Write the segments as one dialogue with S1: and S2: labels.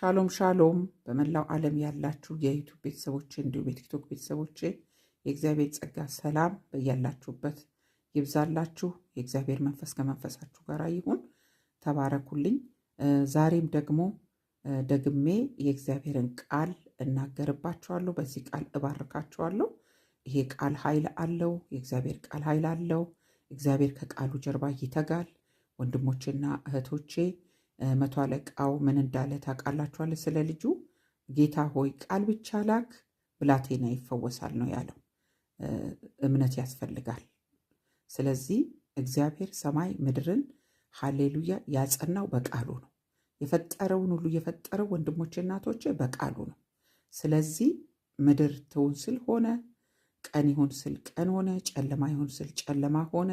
S1: ሻሎም ሻሎም በመላው ዓለም ያላችሁ የዩቱብ ቤተሰቦች እንዲሁም የቲክቶክ ቤተሰቦች የእግዚአብሔር ጸጋ ሰላም በያላችሁበት ይብዛላችሁ። የእግዚአብሔር መንፈስ ከመንፈሳችሁ ጋር ይሁን። ተባረኩልኝ። ዛሬም ደግሞ ደግሜ የእግዚአብሔርን ቃል እናገርባችኋለሁ። በዚህ ቃል እባርካችኋለሁ። ይሄ ቃል ኃይል አለው። የእግዚአብሔር ቃል ኃይል አለው። እግዚአብሔር ከቃሉ ጀርባ ይተጋል። ወንድሞቼና እህቶቼ መቶ አለቃው ምን እንዳለ ታውቃላችኋል? ስለ ልጁ ጌታ ሆይ ቃል ብቻ ላክ፣ ብላቴና ይፈወሳል ነው ያለው። እምነት ያስፈልጋል። ስለዚህ እግዚአብሔር ሰማይ ምድርን ሀሌሉያ ያጸናው በቃሉ ነው። የፈጠረውን ሁሉ የፈጠረው ወንድሞቼ እናቶቼ በቃሉ ነው። ስለዚህ ምድር ትሁን ስል ሆነ፣ ቀን ይሁን ስል ቀን ሆነ፣ ጨለማ ይሁን ስል ጨለማ ሆነ።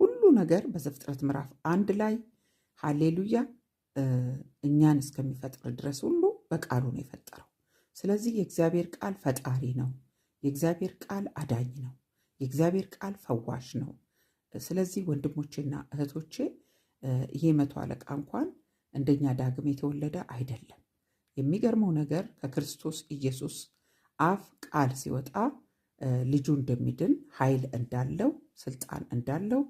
S1: ሁሉ ነገር በዘፍጥረት ምዕራፍ አንድ ላይ ሀሌሉያ እኛን እስከሚፈጥር ድረስ ሁሉ በቃሉ ነው የፈጠረው። ስለዚህ የእግዚአብሔር ቃል ፈጣሪ ነው። የእግዚአብሔር ቃል አዳኝ ነው። የእግዚአብሔር ቃል ፈዋሽ ነው። ስለዚህ ወንድሞቼና እህቶቼ ይሄ መቶ አለቃ እንኳን እንደኛ ዳግም የተወለደ አይደለም። የሚገርመው ነገር ከክርስቶስ ኢየሱስ አፍ ቃል ሲወጣ ልጁ እንደሚድን ኃይል እንዳለው ስልጣን እንዳለው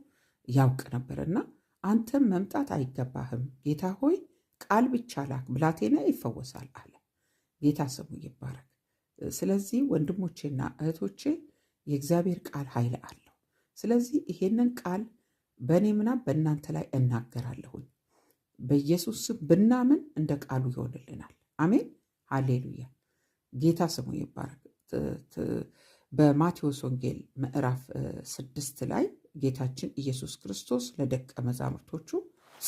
S1: ያውቅ ነበርና አንተም መምጣት አይገባህም፣ ጌታ ሆይ ቃል ብቻ ላክ፣ ብላቴና ይፈወሳል አለ። ጌታ ስሙ ይባረክ። ስለዚህ ወንድሞቼና እህቶቼ የእግዚአብሔር ቃል ኃይል አለው። ስለዚህ ይሄንን ቃል በእኔ ምናምን በእናንተ ላይ እናገራለሁኝ። በኢየሱስ ስም ብናምን እንደ ቃሉ ይሆንልናል። አሜን፣ ሃሌሉያ። ጌታ ስሙ ይባረክ። በማቴዎስ ወንጌል ምዕራፍ ስድስት ላይ ጌታችን ኢየሱስ ክርስቶስ ለደቀ መዛሙርቶቹ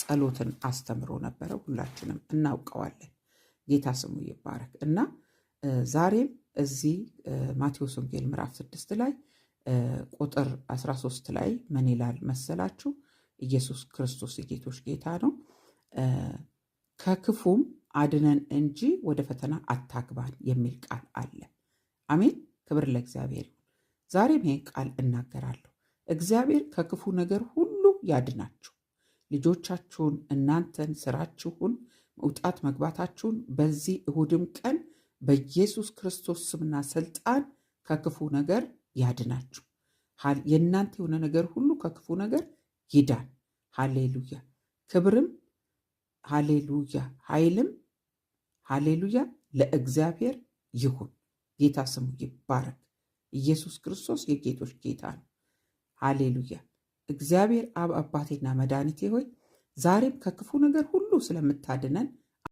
S1: ጸሎትን አስተምሮ ነበረ። ሁላችንም እናውቀዋለን። ጌታ ስሙ ይባረክ እና ዛሬም እዚህ ማቴዎስ ወንጌል ምዕራፍ ስድስት ላይ ቁጥር 13 ላይ ምን ይላል መሰላችሁ? ኢየሱስ ክርስቶስ የጌቶች ጌታ ነው። ከክፉም አድነን እንጂ ወደ ፈተና አታግባን የሚል ቃል አለ። አሜን። ክብር ለእግዚአብሔር። ዛሬም ይህን ቃል እናገራለሁ። እግዚአብሔር ከክፉ ነገር ሁሉ ያድናችሁ። ልጆቻችሁን፣ እናንተን፣ ስራችሁን፣ መውጣት መግባታችሁን በዚህ እሁድም ቀን በኢየሱስ ክርስቶስ ስምና ስልጣን ከክፉ ነገር ያድናችሁ። የእናንተ የሆነ ነገር ሁሉ ከክፉ ነገር ይዳን። ሃሌሉያ! ክብርም ሃሌሉያ፣ ኃይልም ሃሌሉያ ለእግዚአብሔር ይሁን። ጌታ ስሙ ይባረክ። ኢየሱስ ክርስቶስ የጌቶች ጌታ ነው። ሃሌሉያ። እግዚአብሔር አብ አባቴና መድኃኒቴ ሆይ ዛሬም ከክፉ ነገር ሁሉ ስለምታድነን